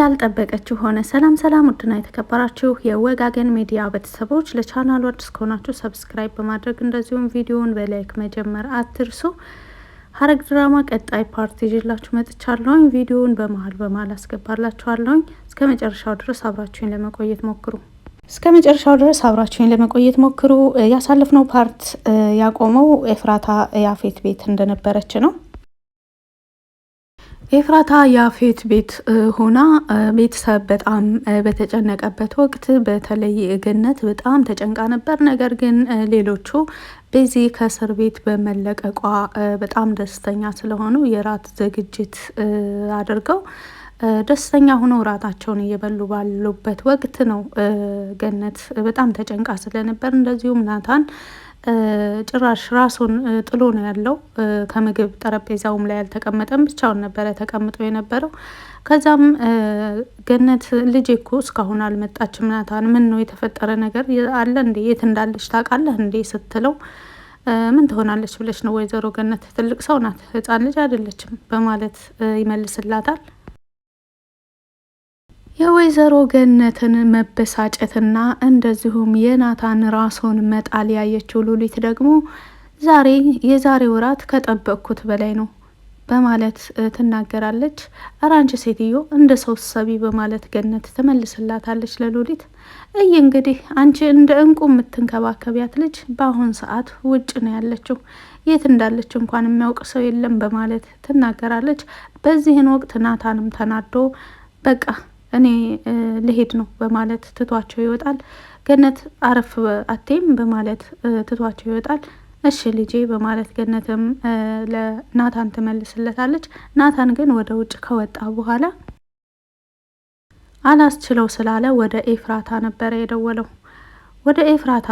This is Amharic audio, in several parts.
ያልጠበቀችው ሆነ። ሰላም ሰላም! ውድና የተከበራችሁ የወጋገን ሚዲያ ቤተሰቦች ለቻናሉ አዲስ ከሆናችሁ ሰብስክራይብ በማድረግ እንደዚሁም ቪዲዮውን በላይክ መጀመር አትርሱ። ሐረግ ድራማ ቀጣይ ፓርት ይዤላችሁ መጥቻለሁኝ። ቪዲዮውን በመሀል በመሀል አስገባላችኋለሁኝ። እስከ መጨረሻው ድረስ አብራችሁኝ ለመቆየት ሞክሩ። እስከ መጨረሻው ድረስ አብራችሁኝ ለመቆየት ሞክሩ። ያሳለፍነው ፓርት ያቆመው ኤፍራታ ያፌት ቤት እንደነበረች ነው ኤፍራታ ያፌት ቤት ሆና ቤተሰብ በጣም በተጨነቀበት ወቅት በተለይ ገነት በጣም ተጨንቃ ነበር። ነገር ግን ሌሎቹ ቤዚ ከእስር ቤት በመለቀቋ በጣም ደስተኛ ስለሆኑ የራት ዝግጅት አድርገው ደስተኛ ሆኖ እራታቸውን እየበሉ ባሉበት ወቅት ነው ገነት በጣም ተጨንቃ ስለነበር እንደዚሁም ናታን ጭራሽ ራሱን ጥሎ ነው ያለው። ከምግብ ጠረጴዛውም ላይ አልተቀመጠም፣ ብቻውን ነበረ ተቀምጦ የነበረው። ከዛም ገነት ልጅ እኮ እስካሁን አልመጣችም፣ ናታን ምን ነው የተፈጠረ ነገር አለ እንዴ? የት እንዳለች ታውቃለህ እንዴ? ስትለው ምን ትሆናለች ብለች ነው ወይዘሮ ገነት ትልቅ ሰው ናት፣ ህፃን ልጅ አይደለችም በማለት ይመልስላታል። የወይዘሮ ገነትን መበሳጨትና እንደዚሁም የናታን ራሱን መጣል ያየችው ሉሊት ደግሞ ዛሬ የዛሬ ወራት ከጠበቅኩት በላይ ነው በማለት ትናገራለች። አራንች አንቺ ሴትዮ እንደ ሰው ሰቢ በማለት ገነት ትመልስላታለች ለሉሊት። እይ እንግዲህ አንቺ እንደ እንቁ የምትንከባከቢያት ልጅ በአሁን ሰዓት ውጭ ነው ያለችው፣ የት እንዳለች እንኳን የሚያውቅ ሰው የለም በማለት ትናገራለች። በዚህን ወቅት ናታንም ተናዶ በቃ እኔ ልሄድ ነው በማለት ትቷቸው ይወጣል። ገነት አረፍ አቴም በማለት ትቷቸው ይወጣል። እሺ ልጄ በማለት ገነትም ለናታን ትመልስለታለች። ናታን ግን ወደ ውጭ ከወጣ በኋላ አላስችለው ስላለ ወደ ኤፍራታ ነበረ የደወለው። ወደ ኤፍራታ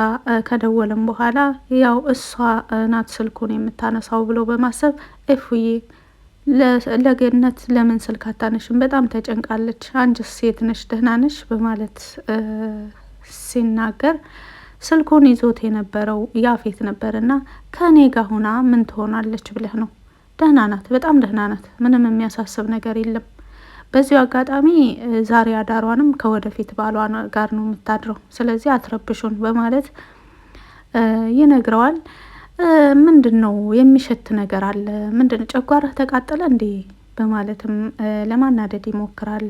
ከደወለም በኋላ ያው እሷ ናት ስልኩን የምታነሳው ብሎ በማሰብ ኤፍዬ ለገነት ለምን ስልክ አታነሽም? በጣም ተጨንቃለች። አንቺ ሴት ነሽ ደህና ነሽ? በማለት ሲናገር ስልኩን ይዞት የነበረው ያፌት ነበርና ከእኔ ጋር ሁና ምን ትሆናለች ብለህ ነው? ደህና ናት፣ በጣም ደህና ናት። ምንም የሚያሳስብ ነገር የለም። በዚሁ አጋጣሚ ዛሬ አዳሯንም ከወደፊት ባሏ ጋር ነው የምታድረው፣ ስለዚህ አትረብሹን በማለት ይነግረዋል። ምንድን ነው የሚሸት ነገር አለ? ምንድን ነው ጨጓራህ ተቃጠለ እንዴ? በማለትም ለማናደድ ይሞክራል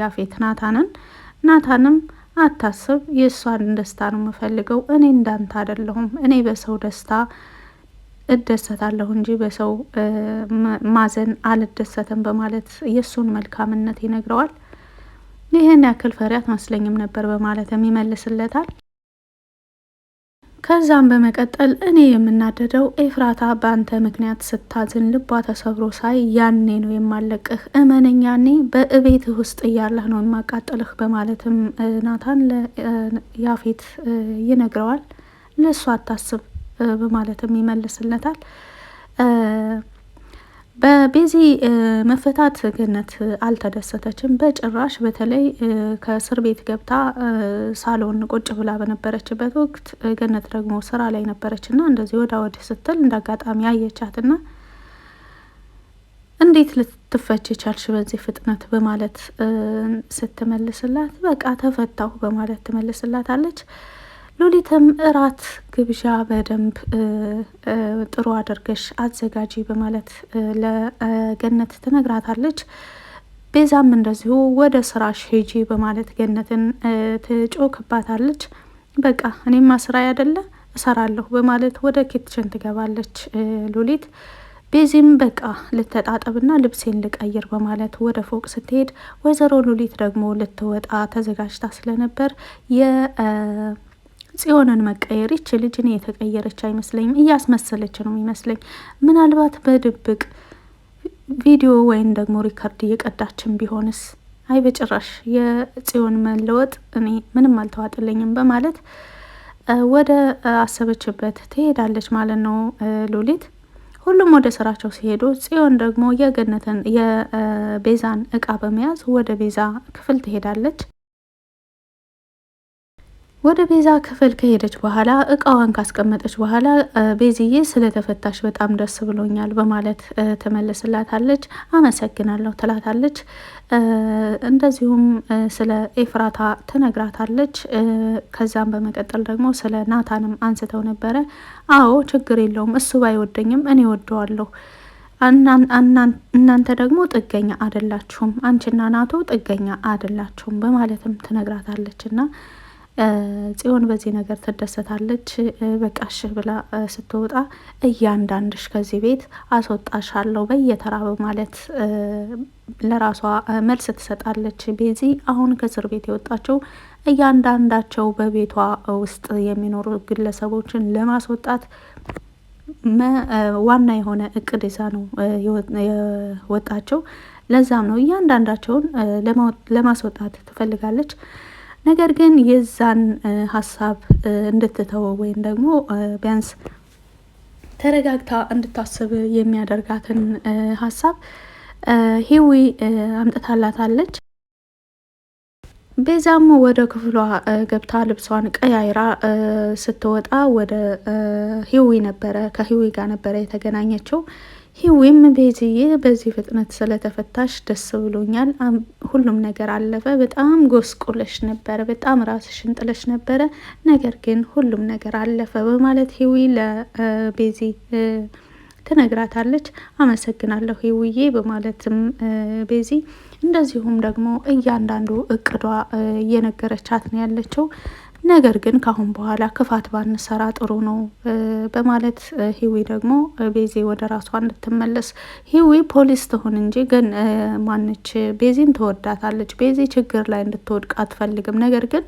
ያፌት ናታንን። ናታንም አታስብ፣ የእሷን ደስታ ነው የምፈልገው። እኔ እንዳንተ አይደለሁም። እኔ በሰው ደስታ እደሰታለሁ እንጂ በሰው ማዘን አልደሰትም በማለት የእሱን መልካምነት ይነግረዋል። ይህን ያክል ፈሪ አትመስለኝም ነበር በማለትም ይመልስለታል። ከዛም በመቀጠል እኔ የምናደደው ኤፍራታ በአንተ ምክንያት ስታዝን ልቧ ተሰብሮ ሳይ ያኔ ነው የማለቅህ፣ እመነኝ፣ ያኔ በእቤትህ ውስጥ እያለህ ነው የማቃጠልህ በማለትም ናታን ያፌት ይነግረዋል። ለእሱ አታስብ በማለትም ይመልስለታል። በቤዚ መፈታት ገነት አልተደሰተችም በጭራሽ። በተለይ ከእስር ቤት ገብታ ሳሎን ቁጭ ብላ በነበረችበት ወቅት ገነት ደግሞ ስራ ላይ ነበረች እና እንደዚህ ወዳ ወዲህ ስትል እንደ አጋጣሚ አየቻትና እንዴት ልትፈች ቻልሽ በዚህ ፍጥነት በማለት ስትመልስላት፣ በቃ ተፈታሁ በማለት ትመልስላታለች። ሉሊትም እራት ግብዣ በደንብ ጥሩ አድርገሽ አዘጋጂ በማለት ለገነት ትነግራታለች። ቤዛም እንደዚሁ ወደ ስራሽ ሂጂ በማለት ገነትን ትጮክባታለች። በቃ እኔማ ስራ ያደለ እሰራለሁ በማለት ወደ ኪትችን ትገባለች ሉሊት። ቤዚም በቃ ልተጣጠብና ልብሴን ልቀይር በማለት ወደ ፎቅ ስትሄድ፣ ወይዘሮ ሉሊት ደግሞ ልትወጣ ተዘጋጅታ ስለነበር ጽዮንን መቀየር ይች ልጅ እኔ የተቀየረች አይመስለኝም፣ እያስመሰለች ነው የሚመስለኝ። ምናልባት በድብቅ ቪዲዮ ወይም ደግሞ ሪከርድ እየቀዳችን ቢሆንስ? አይ በጭራሽ የጽዮን መለወጥ እኔ ምንም አልተዋጥለኝም በማለት ወደ አሰበችበት ትሄዳለች ማለት ነው ሉሊት። ሁሉም ወደ ስራቸው ሲሄዱ ጽዮን ደግሞ የገነትን የቤዛን እቃ በመያዝ ወደ ቤዛ ክፍል ትሄዳለች። ወደ ቤዛ ክፍል ከሄደች በኋላ እቃዋን ካስቀመጠች በኋላ ቤዝዬ ስለተፈታሽ በጣም ደስ ብሎኛል በማለት ትመልስላታለች። አመሰግናለሁ ትላታለች። እንደዚሁም ስለ ኤፍራታ ትነግራታለች። ከዛም በመቀጠል ደግሞ ስለ ናታንም አንስተው ነበረ። አዎ ችግር የለውም እሱ ባይወደኝም እኔ ወደዋለሁ። እናንተ ደግሞ ጥገኛ አደላችሁም አንቺና ናቶ ጥገኛ አደላችሁም በማለትም ትነግራታለች እና ጽዮን በዚህ ነገር ትደሰታለች። በቃሽ ብላ ስትወጣ እያንዳንድሽ ከዚህ ቤት አስወጣሻለሁ በየተራ በማለት ለራሷ መልስ ትሰጣለች። ቤዚ አሁን ከእስር ቤት የወጣቸው እያንዳንዳቸው በቤቷ ውስጥ የሚኖሩ ግለሰቦችን ለማስወጣት ዋና የሆነ እቅድ ይዛ ነው የወጣቸው። ለዛም ነው እያንዳንዳቸውን ለማስወጣት ትፈልጋለች። ነገር ግን የዛን ሀሳብ እንድትተወ ወይም ደግሞ ቢያንስ ተረጋግታ እንድታስብ የሚያደርጋትን ሀሳብ ሂዊ አምጥታላታለች። ቤዛም ወደ ክፍሏ ገብታ ልብሷን ቀያይራ ስትወጣ ወደ ሂዊ ነበረ ከሂዊ ጋር ነበረ የተገናኘችው። ሂዊም ቤትዬ በዚህ ፍጥነት ስለተፈታሽ ደስ ብሎኛል። ሁሉም ነገር አለፈ። በጣም ጎስቁለሽ ነበረ፣ በጣም ራስሽን ጥለሽ ነበረ። ነገር ግን ሁሉም ነገር አለፈ በማለት ሂዊ ለቤዚ ትነግራታለች። አመሰግናለሁ ሂዊዬ በማለትም ቤዚ እንደዚሁም ደግሞ እያንዳንዱ እቅዷ እየነገረቻት ነው ያለችው። ነገር ግን ከአሁን በኋላ ክፋት ባንሰራ ጥሩ ነው በማለት ሂዊ ደግሞ ቤዜ ወደ ራሷ እንድትመለስ ሂዊ ፖሊስ ትሆን እንጂ ግን ማንች ቤዜን ትወዳታለች። ቤዜ ችግር ላይ እንድትወድቅ አትፈልግም። ነገር ግን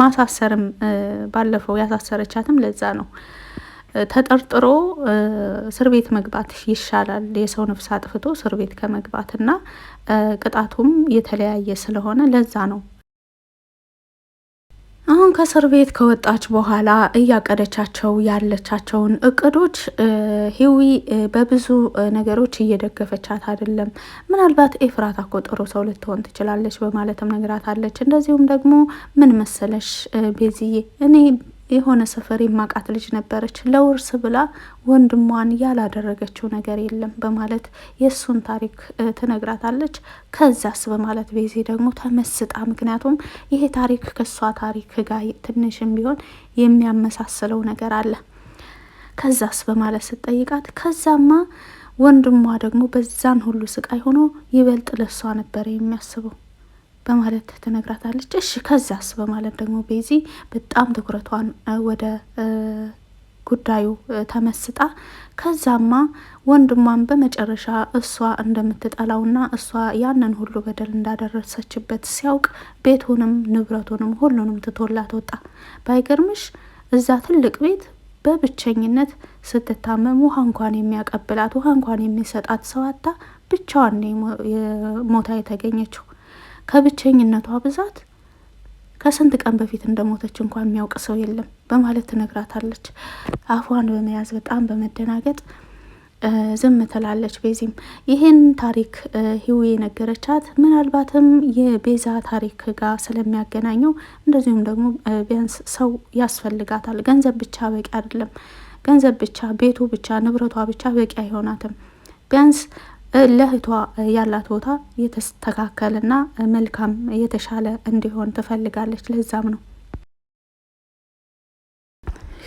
ማሳሰርም ባለፈው ያሳሰረቻትም ለዛ ነው ተጠርጥሮ እስር ቤት መግባት ይሻላል የሰው ነፍስ አጥፍቶ እስር ቤት ከመግባት እና ቅጣቱም የተለያየ ስለሆነ ለዛ ነው አሁን ከእስር ቤት ከወጣች በኋላ እያቀደቻቸው ያለቻቸውን እቅዶች ሂዊ በብዙ ነገሮች እየደገፈቻት አይደለም። ምናልባት ኤፍራት እኮ ጥሩ ሰው ልትሆን ትችላለች በማለትም ነግራታለች። እንደዚሁም ደግሞ ምን መሰለሽ ቤዝዬ እኔ የሆነ ሰፈር የማቃት ልጅ ነበረች። ለውርስ ብላ ወንድሟን ያላደረገችው ነገር የለም በማለት የእሱን ታሪክ ትነግራታለች። ከዛስ በማለት ቤዚ ደግሞ ተመስጣ፣ ምክንያቱም ይሄ ታሪክ ከእሷ ታሪክ ጋር ትንሽም ቢሆን የሚያመሳስለው ነገር አለ። ከዛስ በማለት ስትጠይቃት ከዛማ ወንድሟ ደግሞ በዛን ሁሉ ስቃይ ሆኖ ይበልጥ ለሷ ነበረ የሚያስበው በማለት ትነግራታለች። እሺ ከዛስ በማለት ደግሞ ቤዚ በጣም ትኩረቷን ወደ ጉዳዩ ተመስጣ ከዛማ ወንድሟን በመጨረሻ እሷ እንደምትጠላውና እሷ ያንን ሁሉ በደል እንዳደረሰችበት ሲያውቅ ቤቱንም ንብረቱንም ሁሉንም ትቶላት ወጣ። ባይገርምሽ እዛ ትልቅ ቤት በብቸኝነት ስትታመም ውሃ እንኳን የሚያቀብላት ውሃ እንኳን የሚሰጣት ሰው ብቻዋን ሞታ የተገኘችው ከብቸኝነቷ ብዛት ከስንት ቀን በፊት እንደሞተች እንኳን የሚያውቅ ሰው የለም በማለት ትነግራታለች። አፏን በመያዝ በጣም በመደናገጥ ዝም ትላለች። ቤዚም ይህን ታሪክ ህዊ የነገረቻት ምናልባትም የቤዛ ታሪክ ጋር ስለሚያገናኘው እንደዚሁም ደግሞ ቢያንስ ሰው ያስፈልጋታል። ገንዘብ ብቻ በቂ አይደለም። ገንዘብ ብቻ፣ ቤቱ ብቻ፣ ንብረቷ ብቻ በቂ አይሆናትም። ቢያንስ ለእህቷ ያላት ቦታ የተስተካከለና መልካም የተሻለ እንዲሆን ትፈልጋለች። ለዛም ነው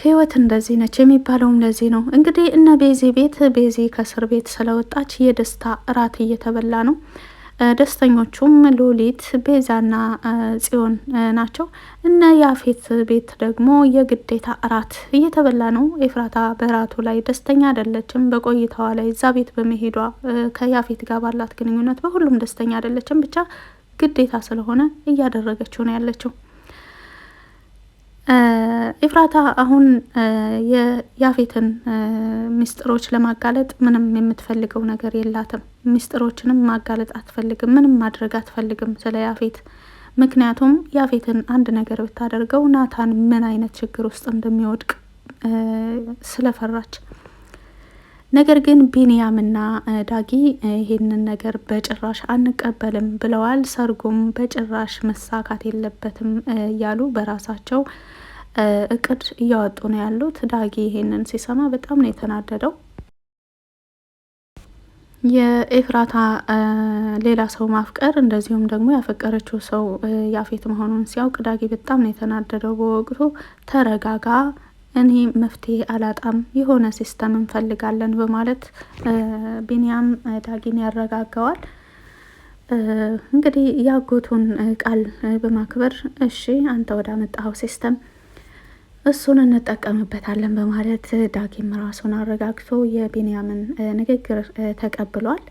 ህይወት እንደዚህ ነች የሚባለውም ለዚህ ነው። እንግዲህ እነ ቤዚ ቤት ቤዚ ከእስር ቤት ስለወጣች የደስታ እራት እየተበላ ነው። ደስተኞቹም ሉሊት፣ ቤዛና ጽዮን ናቸው። እነ ያፌት ቤት ደግሞ የግዴታ እራት እየተበላ ነው። ኤፍራታ በራቱ ላይ ደስተኛ አይደለችም። በቆይታዋ ላይ እዛ ቤት በመሄዷ ከያፌት ጋር ባላት ግንኙነት በሁሉም ደስተኛ አይደለችም። ብቻ ግዴታ ስለሆነ እያደረገችው ነው ያለችው። ኢፍራታ አሁን የያፌትን ሚስጥሮች ለማጋለጥ ምንም የምትፈልገው ነገር የላትም። ሚስጥሮችንም ማጋለጥ አትፈልግም። ምንም ማድረግ አትፈልግም ስለ ያፌት። ምክንያቱም ያፌትን አንድ ነገር ብታደርገው ናታን ምን አይነት ችግር ውስጥ እንደሚወድቅ ስለፈራች። ነገር ግን ቢንያምና ዳጊ ይህንን ነገር በጭራሽ አንቀበልም ብለዋል። ሰርጉም በጭራሽ መሳካት የለበትም እያሉ በራሳቸው እቅድ እያወጡ ነው ያሉት። ዳጊ ይሄንን ሲሰማ በጣም ነው የተናደደው። የኤፍራታ ሌላ ሰው ማፍቀር እንደዚሁም ደግሞ ያፈቀረችው ሰው ያፌት መሆኑን ሲያውቅ ዳጊ በጣም ነው የተናደደው። በወቅቱ ተረጋጋ፣ እኔ መፍትሄ አላጣም፣ የሆነ ሲስተም እንፈልጋለን በማለት ቢኒያም ዳጊን ያረጋገዋል። እንግዲህ ያጎቱን ቃል በማክበር እሺ አንተ ወዳመጣኸው ሲስተም እሱን እንጠቀምበታለን በማለት ዳጊም ራሱን አረጋግቶ የቢንያምን ንግግር ተቀብሏል።